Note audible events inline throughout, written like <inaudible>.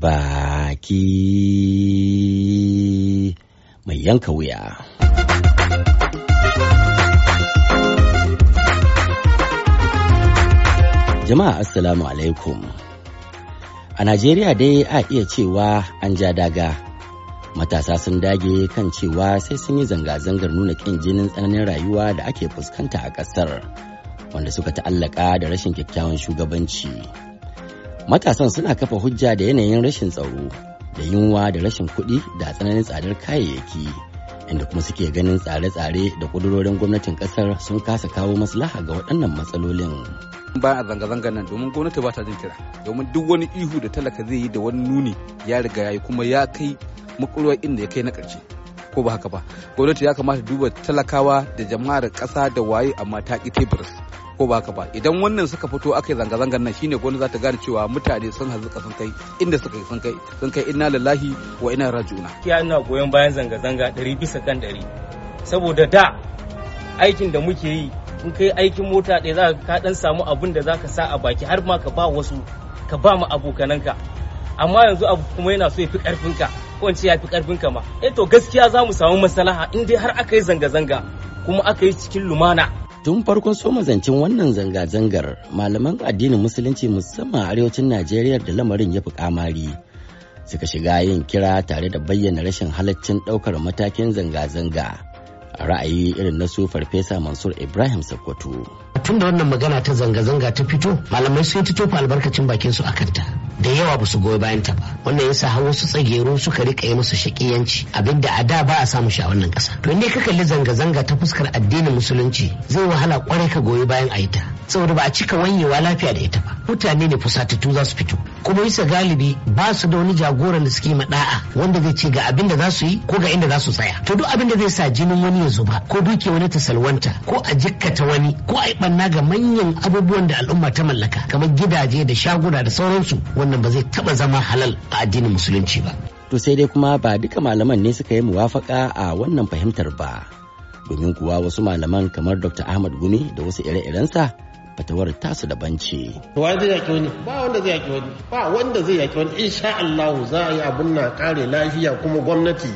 baki mai yanka wuya. Jama'a Assalamu alaikum. A Najeriya dai a iya cewa an ja daga. Matasa sun dage kan cewa sai sun yi zanga-zangar nuna ƙin jinin tsananin rayuwa da ake fuskanta a ƙasar, wanda suka ta'allaka da rashin kyakkyawan shugabanci. matasan suna kafa hujja da yanayin rashin tsaro da yunwa da rashin kuɗi da tsananin tsadar kayayyaki inda kuma suke ganin tsare-tsare da kudurorin gwamnatin ƙasar sun kasa kawo maslaha ga waɗannan matsalolin. ba a zanga-zanga nan domin gwamnati ba ta jin kira domin duk wani ihu da talaka zai yi da wani nuni ya riga ya yi kuma ya kai makulwa inda ya kai na ƙarshe ko ba haka ba gwamnati ya kamata duba talakawa da jama'ar ƙasa da waye amma ta ƙi tebur. ko ba ba idan wannan suka fito aka yi zanga-zangar nan shine gwamnati za ta gane cewa mutane sun hazuka sun kai inda suka yi sun kai sun kai inna lillahi wa inna rajuna kiya ina goyon bayan zanga-zanga ɗari bisa kan ɗari saboda da aikin da muke yi in kai aikin mota ɗaya za ka ɗan samu abin da za ka sa a baki har ma ka ba wasu ka ba mu abokananka amma yanzu abu kuma yana so ya fi ƙarfinka ko in ce ya fi ƙarfinka ma eh to gaskiya za mu samu masalaha in dai har aka yi zanga-zanga kuma aka yi cikin lumana tun farkon soma zancen wannan zanga-zangar malaman addinin musulunci musamman arewacin najeriya da lamarin ya fi kamari suka shiga yin kira tare da bayyana rashin halaccin ɗaukar matakin zanga-zanga a ra'ayi irin na su farfesa mansur ibrahim sakkwato tun da wannan magana ta zanga-zanga ta fito malamai sun ta tofa albarkacin bakin su a kanta. da yawa ba su goyi bayan ta ba wannan yasa har wasu tsagero suka rika yi musu shakiyanci abinda a da ba a samu shi a wannan kasa to inda ka kalli zanga-zanga ta fuskar addinin musulunci zai wahala kwarai ka goyi bayan a ita saboda ba a cika wanyewa lafiya da ita ba mutane ne fusatattu za su fito kuma bisa galibi ba su da wani jagoran da suke maɗa'a wanda zai ce ga abin da za su yi ko ga inda za su tsaya to duk abin da zai sa jinin wani ya zuba ko duke wani ta salwanta ko a jikkata wani ko a yi ɓanna ga manyan abubuwan da al'umma ta mallaka kamar gidaje da shaguna da sauransu wannan ba zai taba zama halal a addinin musulunci ba to sai dai kuma ba duka malaman ne suka yi muwafaka a wannan fahimtar ba domin kuwa wasu malaman kamar dr ahmad gumi da wasu ire-irensa fatawar tasu daban ce. zai yaki wani ba wanda zai yaki wani ba wanda zai yaki wani insha Allah za a yi abun na kare lafiya kuma gwamnati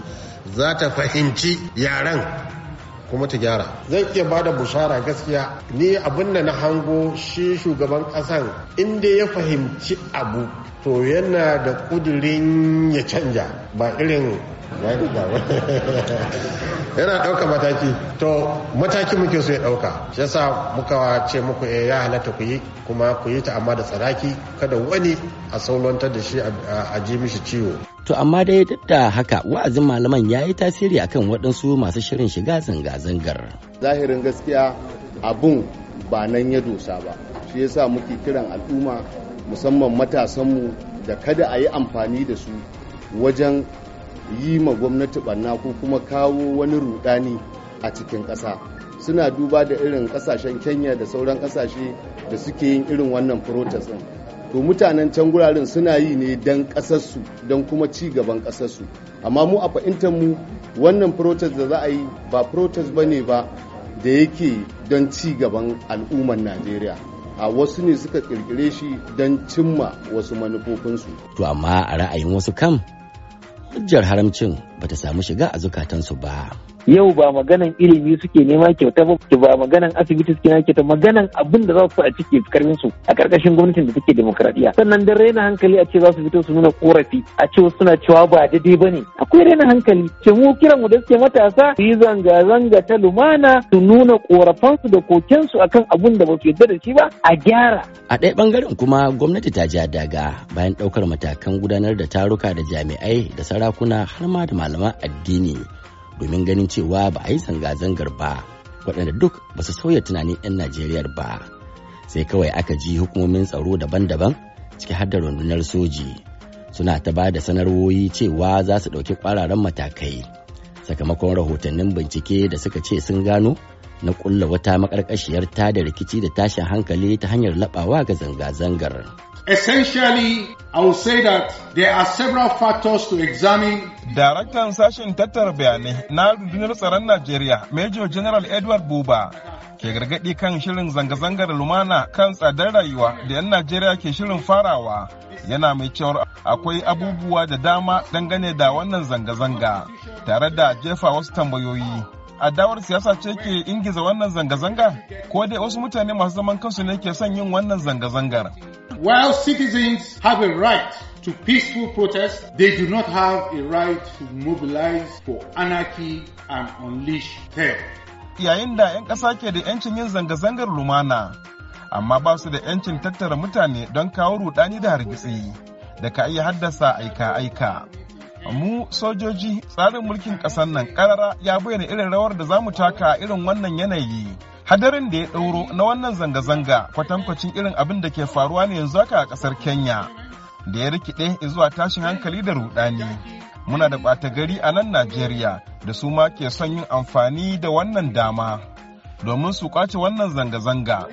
za ta fahimci yaran kuma ta gyara zan iya bada bushara gaskiya ni abin da na hango shi shugaban kasan inda ya fahimci abu to yana da kudurin ya canja ba irin <laughs> yana ɗauka mataki to mataki muke so ya ɗauka shi sa muka ce muku eh, ya halatta ku yi kuma ku yi ta amma da tsaraki kada wani a saulantar da shi a ji mishi ciwo to amma dai duk da haka wa'azin malaman ya yi tasiri akan waɗansu masu shirin shiga zanga-zangar zahirin gaskiya abun ba nan ya dosa ba shi yasa muke kiran al'umma musamman matasanmu da kada a yi amfani da su wajen yi ma gwamnati barna ko kuma kawo wani rudani a cikin ƙasa suna duba da irin ƙasashen kenya da sauran ƙasashe da suke yin irin wannan protest ɗin to mutanen can guraren suna yi ne don ƙasarsu don kuma ci gaban ƙasarsu amma mu a fahimtar mu wannan protest da za a yi ba protest ba ne ba da yake don ci gaban al'ummar najeriya a wasu ne suka kirkire shi don cimma wasu manufofinsu. To amma a ra'ayin wasu kam, hujjar haramcin bata samu shiga a zukatansu ba. yau ba maganan ilimi suke nema kyauta ba ba maganan asibiti suke nema kyauta maganan abin da za su a ciki karfin su a karkashin gwamnatin da take demokradiya sannan da raina hankali a ce za su fito su nuna korafi a ce suna cewa ba daidai ne, akwai raina hankali ce mu kiran mu da suke matasa su yi zanga zanga ta lumana su nuna korafan da koken a kan abin da ba su yarda da shi ba a gyara a ɗaya bangaren kuma gwamnati ta ja daga bayan ɗaukar matakan gudanar da taruka da jami'ai da sarakuna har ma da malaman addini domin ganin cewa ba a yi zanga-zangar ba waɗanda duk ba su sauya tunanin 'yan Najeriya ba sai kawai aka ji hukumomin tsaro daban-daban ciki har da rundunar soji suna ta ba da sanarwoyi cewa za su ɗauki ƙwararan matakai sakamakon rahotannin bincike da suka ce sun gano na ƙulla wata makarkashiyar ta da rikici da tashin hankali ta hanyar laɓawa ga zanga-zangar. Essentially, I will say that there are several factors to examine. Daraktan sashen tattara bayanai na rundunar tsaron Najeriya, Major General Edward Buba, ke gargaɗi kan shirin zanga-zangar lumana kan tsadar rayuwa da 'yan Najeriya ke shirin farawa. Yana mai cewar akwai abubuwa da dama dangane da wannan zanga-zanga, tare da jefa wasu tambayoyi. adawar siyasa ce ke ingiza wannan zanga-zanga ko dai wasu mutane masu zaman kansu ne ke son yin wannan zanga-zangar while citizens have a right to peaceful protest, they do not have a right to mobilize for anarchy and unleash hell. Yayin da 'yan ƙasa ke da 'yancin yin zanga-zangar lumana, amma ba su da 'yancin tattara mutane don kawo rudani da hargitsi da ka iya haddasa aika-aika. mu sojoji tsarin mulkin ƙasar nan ƙarara ya bayyana irin rawar da za mu taka irin wannan yanayi hadarin da ya ɗauro na wannan zanga-zanga kwatankwacin irin abin da ke faruwa ne yanzu haka a ƙasar kenya da ya rikide zuwa tashin hankali da rudani muna da ɓata gari a nan najeriya da su ma ke son yin amfani da wannan dama domin su kwace wannan zanga-zanga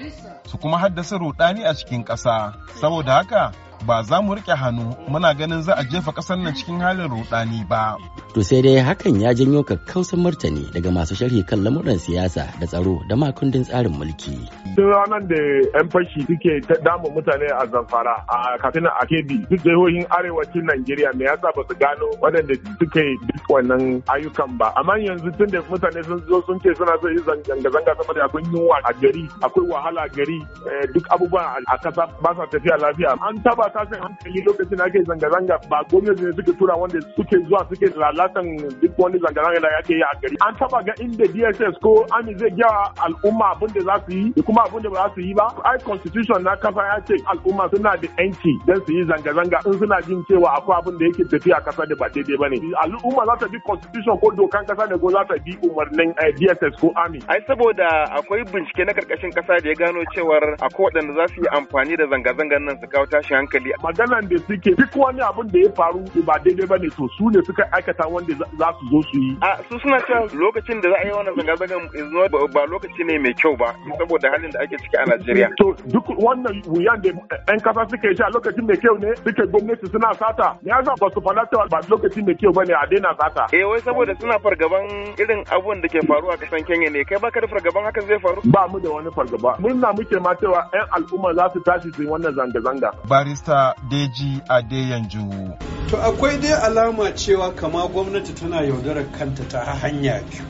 su kuma haddasa rudani a cikin ƙasa saboda haka ba za mu rike hannu muna ganin za a jefa kasar nan cikin halin rudani ba. To sai dai hakan ya janyo kakkausan martani daga masu sharhi kan lamuran siyasa da tsaro da makundin tsarin mulki. Duk ranar da 'yan fashi suke damu mutane a Zamfara a kafin a kebi duk jihohin arewacin Najeriya me yasa ba su gano waɗanda suke duk wannan ayyukan ba. Amma yanzu tun da mutane sun zo sun ce suna so yi zanga-zanga saboda akwai yunwa a gari akwai wahala gari eh, duk abubuwa a kasa ba sa tafiya lafiya. An taba san hankali lokacin da ake zanga-zanga ba gwamnati ne suke tura wanda suke zuwa suke lalatan duk wani zanga-zanga da ake yi a gari an taba ga inda dss ko ami zai gyara al'umma abin da za su yi da kuma abin da ba za su yi ba ai constitution na kasa ya ce al'umma suna da yanci don su yi zanga-zanga in suna jin cewa akwai abin da yake tafiya kasa da ba daidai ba ne al'umma za ta bi constitution ko dokan kasa ne ko za ta bi umarnin eh, dss ko ami ai saboda akwai bincike na karkashin kasa da ya gano cewar akwai waɗanda za su yi amfani da zanga-zangan nan su kawo tashi hankali hankali maganan da suke duk wani abin da ya faru ba daidai bane to su ne suka aikata wanda za su zo su yi. a su suna cewa lokacin da za a yi wannan zanga-zangan ba lokaci ne mai kyau ba saboda halin da ake ciki a najeriya. to duk wannan wuyan da yan kasa suka yi a lokacin mai kyau ne suke gwamnati suna sata ya za ba su faɗa cewa ba lokacin mai kyau bane a daina sata. eh wai saboda suna fargaban irin abun da ke faruwa a kasan kenya ne kai baka da fargaban hakan zai faru. ba mu da wani fargaba mun na muke ma cewa yan al'umma za su tashi su yi wannan zanga-zanga. barista Farfesa Deji Adeyanju. To akwai dai alama cewa kama gwamnati tana yaudarar kanta ta hanya biyu.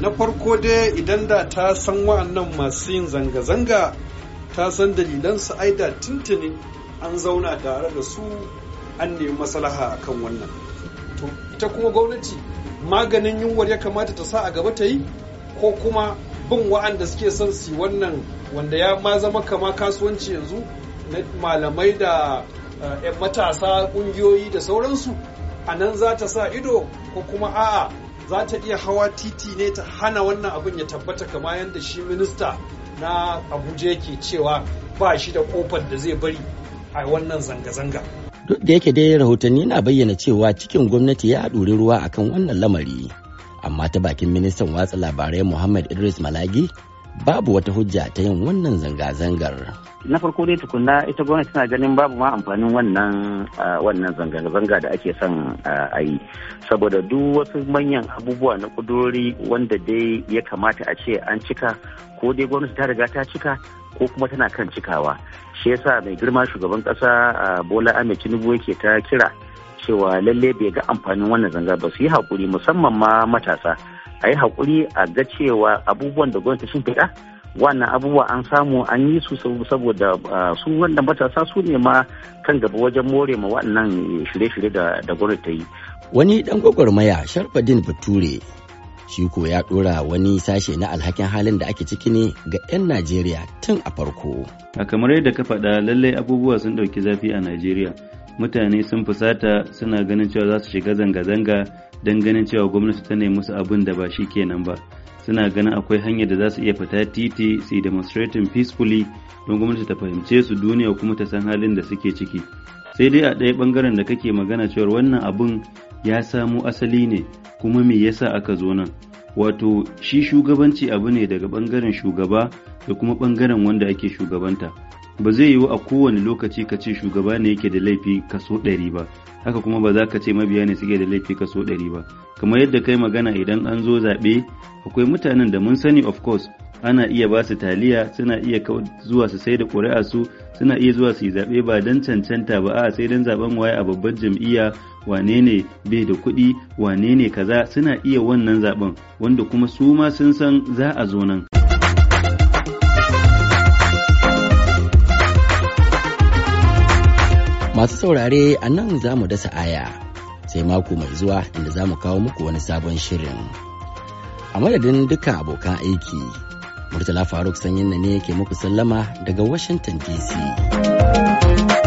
Na farko dai idan da ta san wa'annan masu yin zanga-zanga ta san dalilan su aida tuntuni an zauna tare da su an nemi maslaha kan wannan. To ita kuma gwamnati maganin yunwar ya kamata ta sa a gaba ta yi ko kuma bin wa'anda suke son su wannan wanda ya ma zama kama kasuwanci yanzu malamai da 'yan eh, matasa ƙungiyoyi, da sauransu a nan za ta sa ido ko kuma a'a za ta iya hawa titi ne ta hana wannan abin ya tabbata kama yadda shi minista na abuja yake cewa ba shi da kofar da zai bari a wannan zanga-zanga duk da yake dai rahotanni na bayyana cewa cikin gwamnati ya haɗuri ruwa akan wannan lamari amma ta bakin ministan watsa labarai muhammad idris malagi babu wata hujja ta yin wannan zanga-zangar. Na farko dai tukunna ita gwamnati tana ganin babu ma amfanin wannan wannan zanga-zanga da ake son a yi. Saboda duk wasu manyan abubuwa na kudurori wanda dai ya kamata a ce an cika ko dai gwamnati ta riga ta cika ko kuma tana kan cikawa. Shi yasa mai girma shugaban kasa Bola Ahmed Tinubu yake ta kira cewa lalle bai ga amfanin wannan zanga ba su yi haƙuri musamman ma matasa. a yi haƙuri a ga cewa abubuwan da gwamnati sun fiɗa wannan abubuwa an samu an yi su saboda ah, su wannan matasa su ne ma kan gaba wajen more ma wannan shirye-shirye da gwamnati ta yi. Wani ɗan gwagwarmaya Sharfadin Bature shi ko ya ɗora wani sashe na alhakin halin da ake ciki ne ga 'yan Najeriya tun a farko. A kamar yadda ka faɗa lallai abubuwa sun ɗauki zafi a Najeriya. mutane sun fusata suna ganin cewa za su shiga zanga-zanga don ganin cewa gwamnati ta nemi musu abin da ba shi kenan ba suna ganin akwai hanyar da za su iya fita titi su yi demonstrating peacefully don gwamnati ta fahimce su duniya kuma ta san halin da suke ciki sai dai a ɗaya ɓangaren da kake magana cewa wannan abun ya samo asali ne kuma me yasa aka zo nan wato shi shugabanci abu ne daga ɓangaren shugaba da kuma ɓangaren wanda ake shugabanta ba zai yiwu a kowane lokaci ka ce shugaba ne yake da laifi kaso ɗari ba haka kuma ba za ka ce mabiya ne suke da laifi kaso ɗari ba kamar yadda kai magana idan an zo zaɓe akwai mutanen da mun sani of course ana iya ba su taliya suna iya zuwa su sai da ƙuri'a su suna iya zuwa su yi zaɓe ba don cancanta ba a sai don zaɓen waye a babbar jam'iyya wane ne bai da kuɗi wane ne kaza suna iya wannan zaɓen wanda kuma su ma sun san za a zo nan. Masu saurare a nan za mu dasa aya sai mako mai zuwa inda za mu kawo muku wani sabon shirin. A madadin duka abokan aiki, Murtala Faruk Sanyin ne ke muku sallama daga Washington DC.